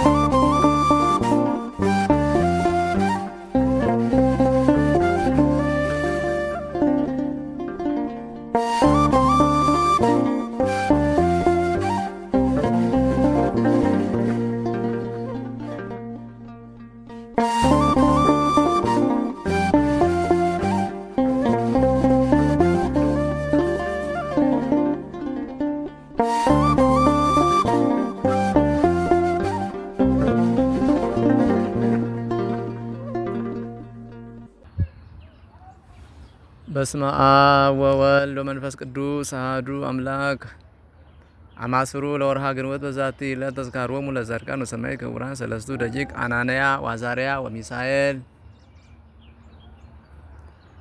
you. በስመ አብ ወወልድ ወመንፈስ ቅዱስ አሐዱ አምላክ አማስሩ ለወርሃ ግንቦት በዛቲ ዕለት ተዝካሮሙ ለጻድቃን ወሰማዕት ክቡራን ሰለስቱ ደቂቅ አናንያ ዋዛሪያ ወሚሳኤል።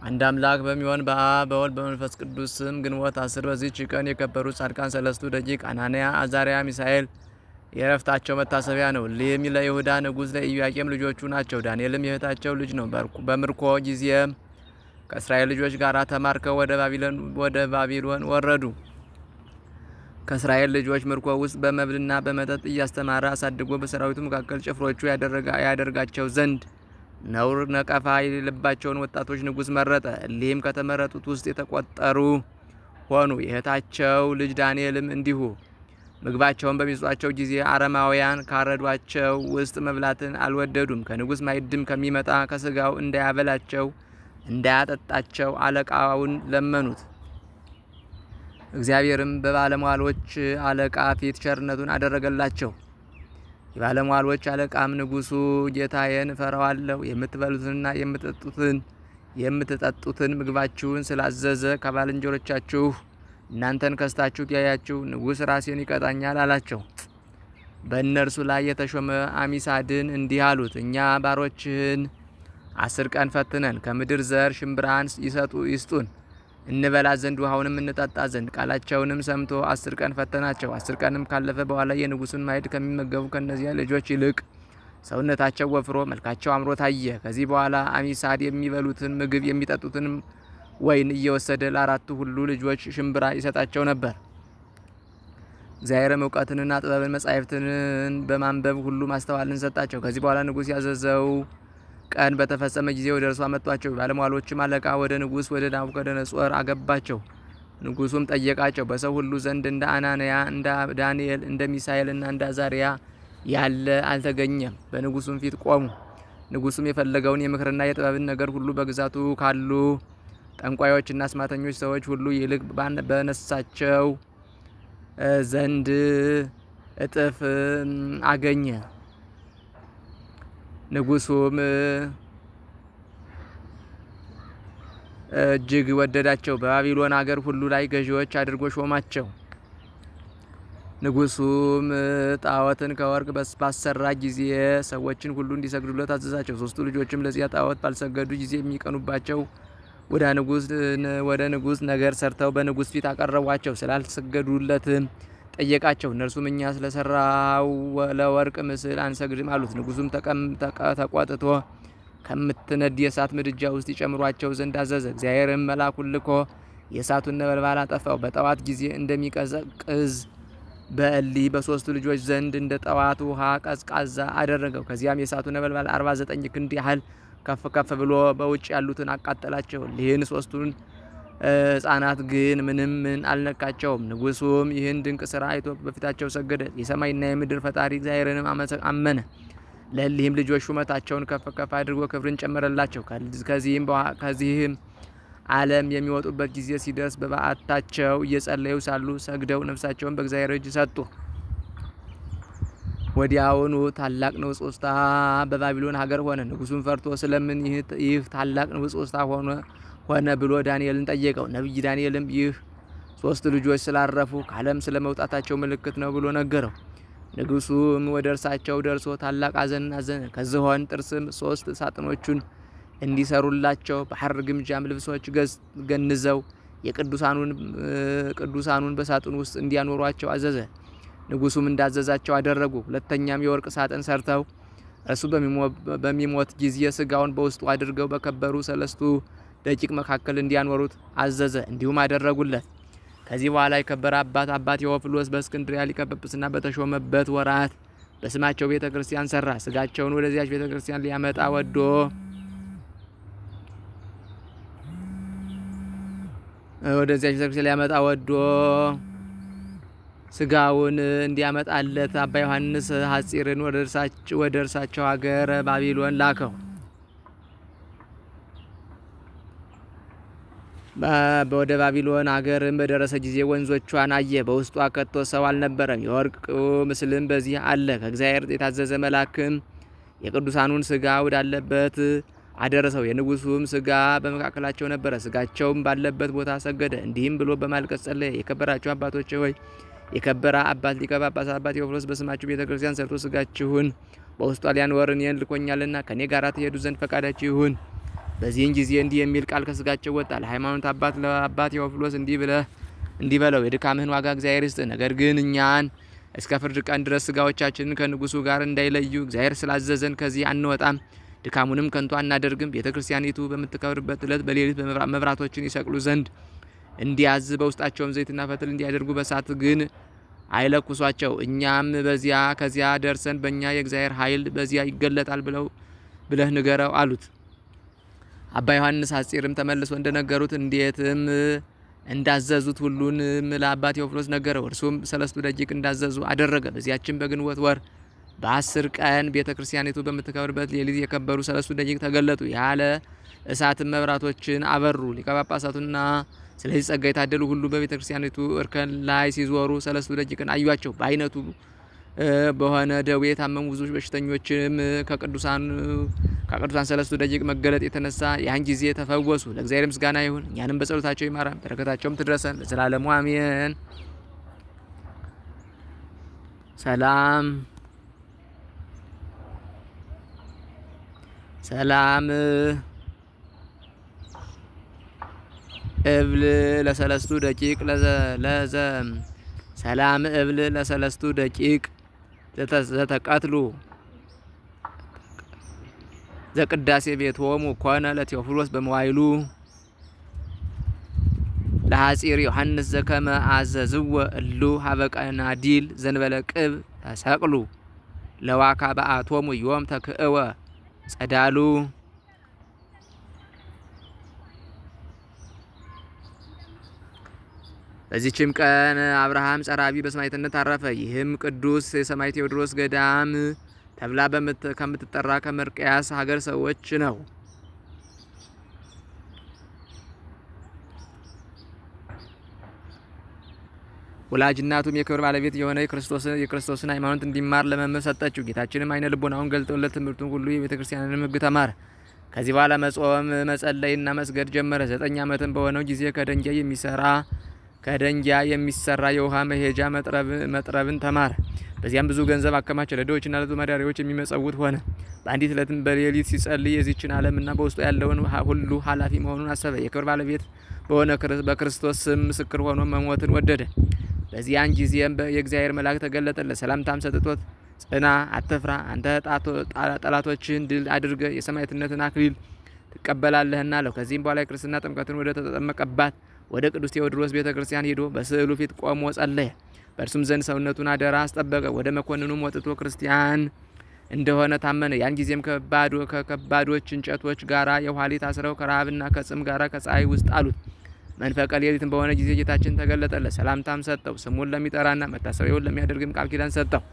አንድ አምላክ በሚሆን በአብ በወልድ በመንፈስ ቅዱስ ስም ግንቦት አስር በዚህች ቀን የከበሩ ጻድቃን ሰለስቱ ደቂቅ አናንያ፣ አዛሪያ፣ ሚሳኤል የእረፍታቸው መታሰቢያ ነው። እሊህም ለይሁዳ ንጉሥ ለኢዮአቄም ልጆቹ ናቸው። ዳንኤልም የእህታቸው ልጅ ነው። በምርኮ ጊዜም ከእስራኤል ልጆች ጋር ተማርከው ወደ ባቢሎን ወደ ባቢሎን ወረዱ። ከእስራኤል ልጆች ምርኮ ውስጥ በመብልና በመጠጥ እያስተማረ አሳድጎ በሰራዊቱ መካከል ጭፍሮቹ ያደርጋቸው ዘንድ ነውር፣ ነቀፋ የሌለባቸውን ወጣቶች ንጉሥ መረጠ። እሊህም ከተመረጡት ውስጥ የተቆጠሩ ሆኑ። የእህታቸው ልጅ ዳንኤልም እንዲሁ። ምግባቸውን በሚሰጧቸው ጊዜ አረማውያን ካረዷቸው ውስጥ መብላትን አልወደዱም። ከንጉሥ ማዕድም ከሚመጣ ከስጋው እንዳያበላቸው እንዳያጠጣቸው አለቃውን ለመኑት። እግዚአብሔርም በባለሟሎች አለቃ ፊት ቸርነቱን አደረገላቸው። የባለሟሎች አለቃም ንጉሱ ጌታዬን እፈራዋለሁ፣ የምትበሉትንና የምትጠጡትን የምትጠጡትን ምግባችሁን ስላዘዘ ከባልንጀሮቻችሁ እናንተን ከስታችሁ ያያችሁ ንጉሥ ራሴን ይቀጣኛል አላቸው። በእነርሱ ላይ የተሾመ አሚሳድን እንዲህ አሉት፣ እኛ ባሮችህን አስር ቀን ፈትነን ከምድር ዘር ሽምብራን ይሰጡ ይስጡን እንበላ ዘንድ ውሃውንም እንጠጣ ዘንድ ቃላቸውንም ሰምቶ አስር ቀን ፈተናቸው። አስር ቀንም ካለፈ በኋላ የንጉሱን ማዕድ ከሚመገቡ ከእነዚያ ልጆች ይልቅ ሰውነታቸው ወፍሮ መልካቸው አምሮ ታየ። ከዚህ በኋላ አሚሳድ የሚበሉትን ምግብ የሚጠጡትንም ወይን እየወሰደ ለአራቱ ሁሉ ልጆች ሽምብራ ይሰጣቸው ነበር። እግዚአብሔርም እውቀትንና ጥበብን መጻሕፍትን በማንበብ ሁሉ ማስተዋልን ሰጣቸው። ከዚህ በኋላ ንጉሥ ያዘዘው ቀን በተፈጸመ ጊዜ ወደ እርሷ መጧቸው። ባለሟሎችም አለቃ ወደ ንጉስ ወደ ናቡከደነጾር አገባቸው። ንጉሱም ጠየቃቸው። በሰው ሁሉ ዘንድ እንደ አናንያ፣ እንደ ዳንኤል፣ እንደ እና እንደ አዛሪያ ያለ አልተገኘም። በንጉሱም ፊት ቆሙ። ንጉሱም የፈለገውን የምክርና የጥበብን ነገር ሁሉ በግዛቱ ካሉ ጠንቋዮችና አስማተኞች ሰዎች ሁሉ ይልቅ በነሳቸው ዘንድ እጥፍ አገኘ። ንጉሱም እጅግ ወደዳቸው። በባቢሎን አገር ሁሉ ላይ ገዢዎች አድርጎ ሾማቸው። ንጉሱም ጣዖትን ከወርቅ ባሰራ ጊዜ ሰዎችን ሁሉ እንዲሰግዱለት አዘዛቸው። ሶስቱ ልጆችም ለዚያ ጣዖት ባልሰገዱ ጊዜ የሚቀኑባቸው ወደ ንጉስ ነገር ሰርተው በንጉስ ፊት አቀረቧቸው። ስላልሰገዱለትም ጠየቃቸው። እነርሱም እኛ ስለሰራው ለወርቅ ምስል አንሰግድም አሉት። ንጉሱም ተቆጥቶ ከምትነድ የእሳት ምድጃ ውስጥ ይጨምሯቸው ዘንድ አዘዘ። እግዚአብሔርም መላኩ ልኮ የእሳቱን ነበልባል አጠፋው። በጠዋት ጊዜ እንደሚቀዘቅዝ በእሊ በሶስቱ ልጆች ዘንድ እንደ ጠዋት ውሃ ቀዝቃዛ አደረገው። ከዚያም የእሳቱ ነበልባል 49 ክንድ ያህል ከፍ ከፍ ብሎ በውጭ ያሉትን አቃጠላቸው። ይህን ሶስቱን ሕፃናት ግን ምንም ምን አልነካቸውም። ንጉሱም ይህን ድንቅ ስራ አይቶ በፊታቸው ሰገደ፣ የሰማይና የምድር ፈጣሪ እግዚአብሔርንም አመነ። ለእሊህም ልጆች ሹመታቸውን ከፍ ከፍ አድርጎ ክብርን ጨመረላቸው። ከዚህም ዓለም የሚወጡበት ጊዜ ሲደርስ በበዓታቸው እየጸለዩ ሳሉ ሰግደው ነፍሳቸውን በእግዚአብሔር እጅ ሰጡ። ወዲያውኑ ታላቅ ንውጽውጽታ በባቢሎን ሀገር ሆነ። ንጉሱም ፈርቶ ስለምን ይህ ታላቅ ንውጽውጽታ ሆነ ሆነ ብሎ ዳንኤልን ጠየቀው። ነቢይ ዳንኤልም ይህ ሶስት ልጆች ስላረፉ ከዓለም ስለመውጣታቸው ምልክት ነው ብሎ ነገረው። ንጉሱም ወደ እርሳቸው ደርሶ ታላቅ ሐዘን አዘነ። ከዝሆን ጥርስም ሶስት ሳጥኖቹን እንዲሰሩላቸው በሐር ግምጃም ልብሶች ገንዘው የቅዱሳኑን በሳጥን ውስጥ እንዲያኖሯቸው አዘዘ። ንጉሱም እንዳዘዛቸው አደረጉ። ሁለተኛም የወርቅ ሳጥን ሰርተው እርሱ በሚሞት ጊዜ ስጋውን በውስጡ አድርገው በከበሩ ሰለስቱ በጭቅ መካከል እንዲያኖሩት አዘዘ። እንዲሁም አደረጉለት። ከዚህ በኋላ የከበረ አባት አባት ቴዎፍሎስ በእስክንድሪያ ሊቀ ጵጵስና በተሾመበት ወራት በስማቸው ቤተ ክርስቲያን ሰራ። ስጋቸውን ወደዚያች ቤተ ክርስቲያን ሊያመጣ ወዶ ወደዚያች ቤተ ክርስቲያን ሊያመጣ ወዶ ስጋውን እንዲያመጣለት አባ ዮሐንስ ሐጺርን ወደ እርሳቸው ሀገር ባቢሎን ላከው። ወደ ባቢሎን አገርም በደረሰ ጊዜ ወንዞቿን አየ፣ በውስጧ ከቶ ሰው አልነበረም። የወርቅ ምስልም በዚህ አለ። ከእግዚአብሔር የታዘዘ መልአክም የቅዱሳኑን ስጋ ወዳለበት አደረሰው። የንጉሱም ስጋ በመካከላቸው ነበረ። ስጋቸውም ባለበት ቦታ ሰገደ፣ እንዲህም ብሎ በማልቀስ ጸለየ። የከበራችሁ አባቶች ሆይ የከበረ አባት ሊቀ ጳጳስ አባት ቴዎፍሎስ በስማችሁ ቤተ ክርስቲያን ሰርቶ ስጋችሁን በውስጧ ሊያኖር እኔን ልኮኛልና ከእኔ ጋር ትሄዱ ዘንድ ፈቃዳችሁ ይሁን። በዚህን ጊዜ እንዲህ የሚል ቃል ከስጋቸው ወጣ። ለሃይማኖት አባት ለአባት ቴዎፍሎስ እንዲህ ብለህ እንዲህ በለው የድካምህን ዋጋ እግዚአብሔር ይስጥ። ነገር ግን እኛን እስከ ፍርድ ቀን ድረስ ስጋዎቻችንን ከንጉሱ ጋር እንዳይለዩ እግዚአብሔር ስላዘዘን ከዚህ አንወጣም፣ ድካሙንም ከንቱ አናደርግም። ቤተ ክርስቲያኒቱ በምትከብርበት ዕለት በሌሊት መብራቶችን ይሰቅሉ ዘንድ እንዲያዝ በውስጣቸውም ዘይትና ፈትል እንዲያደርጉ በሳት ግን አይለኩሷቸው። እኛም በዚያ ከዚያ ደርሰን በእኛ የእግዚአብሔር ኃይል በዚያ ይገለጣል ብለው ብለህ ንገረው አሉት። አባ ዮሐንስ አጼርም ተመልሶ እንደነገሩት እንዴትም እንዳዘዙት ሁሉንም ለአባ ቴዎፍሎስ ነገረው። እርሱም ሰለስቱ ደቂቅ እንዳዘዙ አደረገ። በዚያችን በግንቦት ወር በአስር ቀን ቤተ ክርስቲያኒቱ በምትከብርበት ሌሊት የከበሩ ሰለስቱ ደቂቅ ተገለጡ። ያለ እሳት መብራቶችን አበሩ። ሊቀ ጳጳሳቱና ስለዚህ ጸጋ የታደሉ ሁሉ በቤተ ክርስቲያኒቱ እርከን ላይ ሲዞሩ ሰለስቱ ደቂቅን አዩቸው። በአይነቱ በሆነ ደዌ የታመሙ ብዙ በሽተኞችም ከቅዱሳን ከቅዱሳን ሰለስቱ ደቂቅ መገለጥ የተነሳ ያን ጊዜ ተፈወሱ። ለእግዚአብሔር ምስጋና ይሁን፣ እኛንም በጸሎታቸው ይማራን፣ በረከታቸውም ትድረሰን ለዘላለሙ አሜን። ሰላም ሰላም እብል ለሰለስቱ ደቂቅ ለዘ ሰላም እብል ለሰለስቱ ደቂቅ ዘተቀትሉ ዘቅዳሴ ቤቶሙ ኮነ ለቴዎፍሎስ በመዋይሉ ለሐፂር ዮሐንስ ዘከመ አዘዝወ እሉ ሀበቀናዲል ዘንበለ ቅብ ተሰቅሉ ለዋካ በአቶሙ ዮም ተክእወ ጸዳሉ በዚህችም ቀን አብርሃም ጸራቢ በሰማዕትነት አረፈ። ይህም ቅዱስ የሰማይ ቴዎድሮስ ገዳም ተብላ ከምትጠራ ከመርቅያስ ሀገር ሰዎች ነው። ወላጅናቱም የክብር ባለቤት የሆነ የክርስቶስን ሃይማኖት እንዲማር ለመምህር ሰጠችው። ጌታችንም አይነ ልቦናውን ገልጦለት ትምህርቱን ሁሉ የቤተ ክርስቲያንንም ሕግ ተማረ። ከዚህ በኋላ መጾም መጸለይና መስገድ ጀመረ። ዘጠኝ ዓመትም በሆነው ጊዜ ከደንጃ የሚሰራ ከደንጊያ የሚሰራ የውሃ መሄጃ መጥረብን ተማረ። በዚያም ብዙ ገንዘብ አከማቸ፣ ለድሆችና ለተማዳሪዎች የሚመጸውት ሆነ። በአንዲት ዕለትም በሌሊት ሲጸልይ የዚችን ዓለምና በውስጡ ያለውን ሁሉ ኃላፊ መሆኑን አሰበ። የክብር ባለቤት በሆነ በክርስቶስ ስም ምስክር ሆኖ መሞትን ወደደ። በዚያን ጊዜም የእግዚአብሔር መልአክ ተገለጠለ ሰላምታም ሰጥቶት ጽና፣ አትፍራ፣ አንተ ጠላቶችህን ድል አድርገ የሰማዕትነትን አክሊል ትቀበላለህና አለው። ከዚህም በኋላ የክርስትና ጥምቀትን ወደ ተጠመቀባት ወደ ቅዱስ ቴዎድሮስ ቤተ ክርስቲያን ሄዶ በስዕሉ ፊት ቆሞ ጸለየ። በእርሱም ዘንድ ሰውነቱን አደራ አስጠበቀ። ወደ መኮንኑም ወጥቶ ክርስቲያን እንደሆነ ታመነ። ያን ጊዜም ከከባዶች እንጨቶች ጋራ የኋሊት አስረው ከረሃብና ከጽም ጋራ ከፀሐይ ውስጥ አሉት። መንፈቀ ሌሊትም በሆነ ጊዜ ጌታችን ተገለጠለ። ሰላምታም ሰጠው። ስሙን ለሚጠራና መታሰቢያውን ለሚያደርግም ቃል ኪዳን ሰጠው።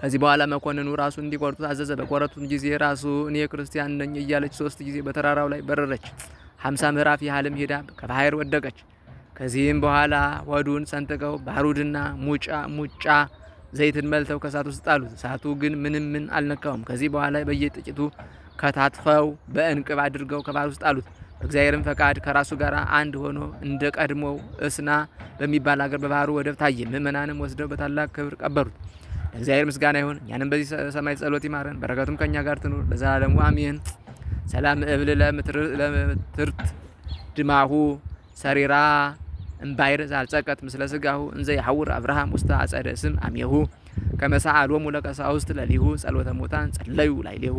ከዚህ በኋላ መኮንኑ ራሱን እንዲቆርጡ አዘዘ። በቆረጡት ጊዜ ራሱ እኔ ክርስቲያን ነኝ እያለች ሶስት ጊዜ በተራራው ላይ በረረች። ሀምሳ ምዕራፍ ያህልም ሄዳ ከባህር ወደቀች። ከዚህም በኋላ ወዱን ሰንጥቀው ባሩድና ሙጫ ሙጫ ዘይትን መልተው ከእሳት ውስጥ ጣሉት። እሳቱ ግን ምንም ምን አልነካውም። ከዚህ በኋላ በየጥቂቱ ከታትፈው በእንቅብ አድርገው ከባህር ውስጥ ጣሉት። በእግዚአብሔርም ፈቃድ ከራሱ ጋር አንድ ሆኖ እንደ ቀድሞው እስና በሚባል አገር በባህሩ ወደብ ታየ። ምእመናንም ወስደው በታላቅ ክብር ቀበሩት። ለእግዚአብሔር ምስጋና ይሁን። እኛንም በዚህ ሰማይ ጸሎት ይማረን፣ በረከቱም ከእኛ ጋር ትኑር ለዘላለሙ አሜን። ሰላም እብል ለምትርት ድማሁ ሰሪራ እምባይር ዛልጸቀት ምስለ ስጋሁ እንዘ ይሐውር አብርሃም ውስተ አጸደ ስም አሜሁ ከመሳአሎሙ ለቀሳውስት ለሊሁ ጸሎተ ሙታን ጸለዩ ላይሌሁ።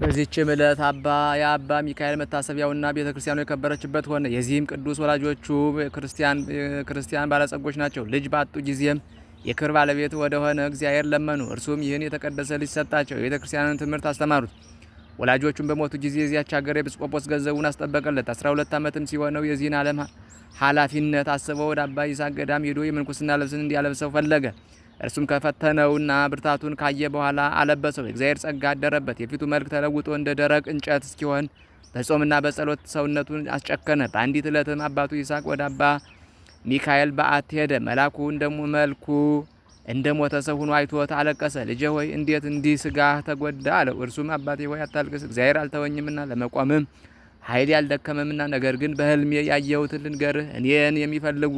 በዚህችም ዕለት አባ የአባ ሚካኤል መታሰቢያውና ቤተ ክርስቲያኑ የከበረችበት ሆነ። የዚህም ቅዱስ ወላጆቹ ክርስቲያን ባለጸጎች ናቸው። ልጅ ባጡ ጊዜም የክብር ባለቤት ወደሆነ እግዚአብሔር ለመኑ። እርሱም ይህን የተቀደሰ ልጅ ሰጣቸው። የቤተ ክርስቲያንን ትምህርት አስተማሩት። ወላጆቹም በሞቱ ጊዜ የዚያች ሀገር ኤጲስ ገንዘቡን አስጠበቀለት። 12 ዓመትም ሲሆነው የዚህን ዓለም ኃላፊነት አስበው ወደ አባ ይስሐቅ ገዳም ሄዶ የምንኩስና ልብስን እንዲያለብሰው ፈለገ። እርሱም ከፈተነውና ብርታቱን ካየ በኋላ አለበሰው። የእግዚአብሔር ጸጋ አደረበት። የፊቱ መልክ ተለውጦ እንደ ደረቅ እንጨት እስኪሆን በጾምና በጸሎት ሰውነቱን አስጨከነ። በአንዲት ዕለትም አባቱ ይስሐቅ ወደ አባ ሚካኤል በዓት ሄደ። መልአኩ እንደሙ መልኩ እንደ ሞተ ሰው ሆኖ አይቶት አለቀሰ። ልጄ ሆይ እንዴት እንዲህ ስጋህ ተጎዳ አለው። እርሱም አባቴ ሆይ አታልቅስ፣ እግዚአብሔር አልተወኝምና ለመቆምም ኃይል ያልደከመምና፣ ነገር ግን በህልሜ ያየሁትን ልንገርህ። እኔን የሚፈልጉ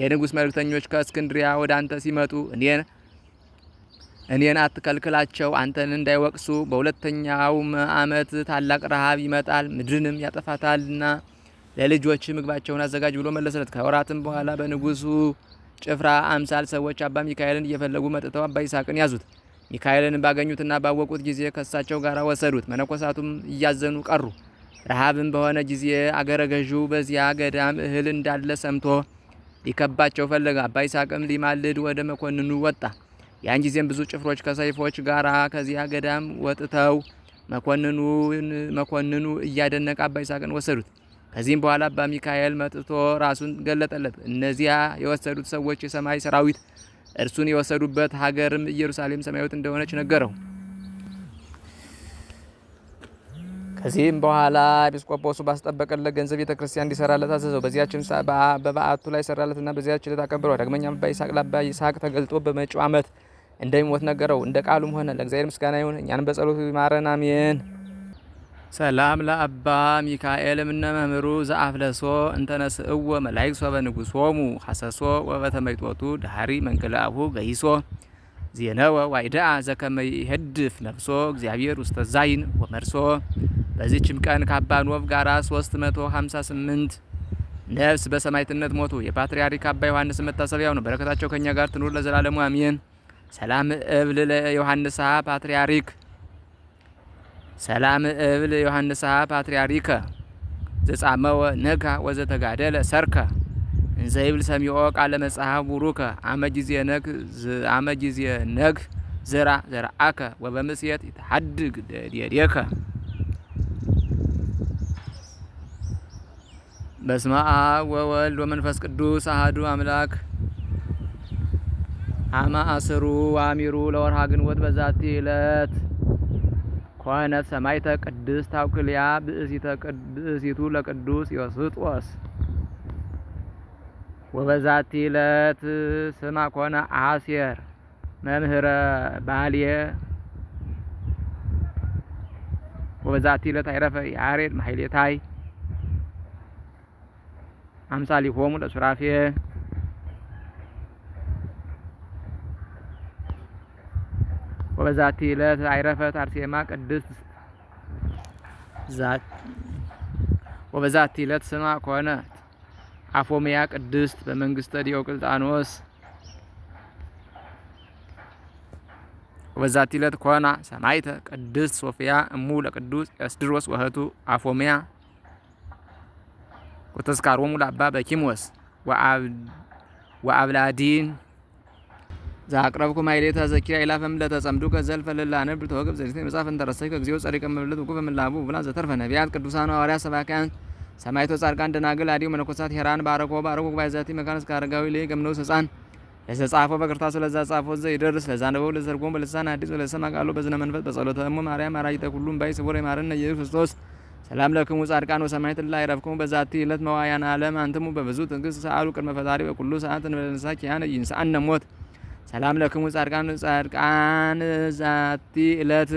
የንጉሥ መልእክተኞች ከእስክንድሪያ ወደ አንተ ሲመጡ እኔን እኔን አትከልክላቸው፣ አንተን እንዳይወቅሱ። በሁለተኛውም ዓመት ታላቅ ረሃብ ይመጣል፣ ምድርንም ያጠፋታልና ለልጆች ምግባቸውን አዘጋጅ ብሎ መለሰለት። ከወራትም በኋላ በንጉሱ ጭፍራ አምሳል ሰዎች አባ ሚካኤልን እየፈለጉ መጥተው አባ ይስሐቅን ያዙት። ሚካኤልን ባገኙትና ባወቁት ጊዜ ከሳቸው ጋር ወሰዱት። መነኮሳቱም እያዘኑ ቀሩ። ረሃብም በሆነ ጊዜ አገረ ገዢው በዚያ ገዳም እህል እንዳለ ሰምቶ ሊከባቸው ፈለገ። አባ ይስሐቅም ሊማልድ ወደ መኮንኑ ወጣ። ያን ጊዜም ብዙ ጭፍሮች ከሰይፎች ጋራ ከዚያ ገዳም ወጥተው መኮንኑ እያደነቀ አባ ይስሐቅን ወሰዱት። ከዚህም በኋላ አባ ሚካኤል መጥቶ ራሱን ገለጠለት። እነዚያ የወሰዱት ሰዎች የሰማይ ሰራዊት እርሱን የወሰዱበት ሀገርም ኢየሩሳሌም ሰማያዊት እንደሆነች ነገረው። ከዚህም በኋላ ኤጲስቆጶሱ ባስጠበቀለት ገንዘብ ቤተ ክርስቲያን እንዲሰራለት አዘዘው። በዚያችን በበዓቱ ላይ ሰራለትና በዚያች ዕለት አከበረው። ዳግመኛም አባ ይስሐቅ ለአባ ይስሐቅ ተገልጦ በመጪው ዓመት እንደሚሞት ነገረው። እንደ ቃሉም ሆነ። ለእግዚአብሔር ምስጋና ይሁን፣ እኛንም በጸሎቱ ይማረን፣ አሜን። ሰላም ለአባ ሚካኤል እምነ መምህሩ ዘአፍለሶ እንተነስእዎ መላይክ ሶበ ንጉሶሙ ሐሰሶ ወበተመይጦቱ ዳሃሪ መንክላአሁ ገይሶ ዜነወ ዋይዳአ ዘከመይ ሄድፍ ነፍሶ እግዚአብሔር ውስተ ዛይን ወመርሶ። በዚህችም ቀን ከአባ ኖብ ጋራ 358 ነፍስ በሰማይትነት ሞቱ። የፓትርያርክ አባ ዮሐንስ መታሰቢያው ነው። በረከታቸው ከእኛ ጋር ትኑር ለዘላለሙ አሜን። ሰላም እብል ለዮሐንስ ሀ ፓትርያርክ ሰላም እብል ዮሐንስሃ ፓትርያሪከ ዘጻመወ ነጋ ወዘተጋደለ ሰርከ እንዘይብል ሰሚኦ ቃለ መጽሐፍ ቡሩከ አመ ጊዜ ነግ አመ ጊዜ ነግ ዘራ ዘርአከ ወበምስየት ይትሐድግ ደዴከ በስመ አብ ወወልድ ወመንፈስ ቅዱስ አሐዱ አምላክ አመ አስሩ አሚሩ ለወርሃ ግንቦት በዛቲ ዕለት ኮነት ሰማይተ ቅድስት አውክልያ ብእሲቱ ለቅዱስ ዮስጦስ ወበዛቲ ዕለት ስማ ኮነ አሴር መምህረ ባልየ ወበዛቲ ዕለት አይረፈ ያሬድ ማሕሌታይ አምሳሊሆሙ ለሱራፌ ወበዛቲ ዕለት አይረፈት አርሴማ ቅድስት ዛኪ ወበዛቲ ዕለት ስማ ኮነት አፎሚያ ቅድስት በመንግስተ ዲዮቅልጣኖስ ወበዛቲ ዕለት ኮና ሰማይተ ቅድስት ሶፊያ እሙ ለቅዱስ ኤስድሮስ ወህቱ አፎሚያ ወተስካሮሙ ለአባ በኪሞስ ወአብላዲን ዛቅረብኩ ማይሌታ ዘኪራ ይላፈም ለተጸምዱ ከዘልፈ ለላነብ ተወግብ ዘሪት መጽሐፍ እንተረሰ ከግዚኦ ጸሪቀ መብለት ወቁ በምላቡ ብላ ዘተርፈ ነቢያት ቅዱሳን ሐዋርያ ሰባካያን ሰማይቶ ጻድቃን ደናግል አዲው መነኮሳት ሄራን ባረኮ ባረኮ ባይዛቲ መካንስ ካረጋዊ ለይ ገምነው ሰጻን ለዘጻፎ በክርታስ ለዛ ጻፎ ዘይደርስ ለዛ ነበው ለዘርጎም በልሳን አዲስ ለሰማ ቃሉ በዝነ መንፈስ በጸሎተ እሙ ማርያም አራይተ ሁሉም ባይ ስቦር የማረነ ኢየሱስ ክርስቶስ ሰላም ለክሙ ጻድቃን ወሰማይት ላይ ረፍክሙ በዛቲ ዕለት መዋያን ዓለም አንትሙ በብዙ ትዕግስት ሰአሉ ቅድመ ፈጣሪ በኩሉ ሰዓት ንበለንሳኪ ኪያነ ይንሳአነ ሞት ሰላም ለክሙ ጻድቃን ጻድቃን ዛቲ እለት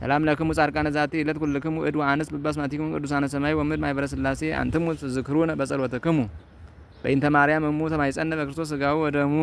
ሰላም ለክሙ ጻድቃን ዛቲ እለት ኩልክሙ እድ ወአንስ በበስማቲኩም ቅዱሳነ ሰማይ ወምድ ማኅበረ ሥላሴ አንትሙ ትዝክሩነ በጸሎትክሙ በእንተ ማርያም እሙ ተማይጸነ በክርስቶስ ሥጋው ወደሙ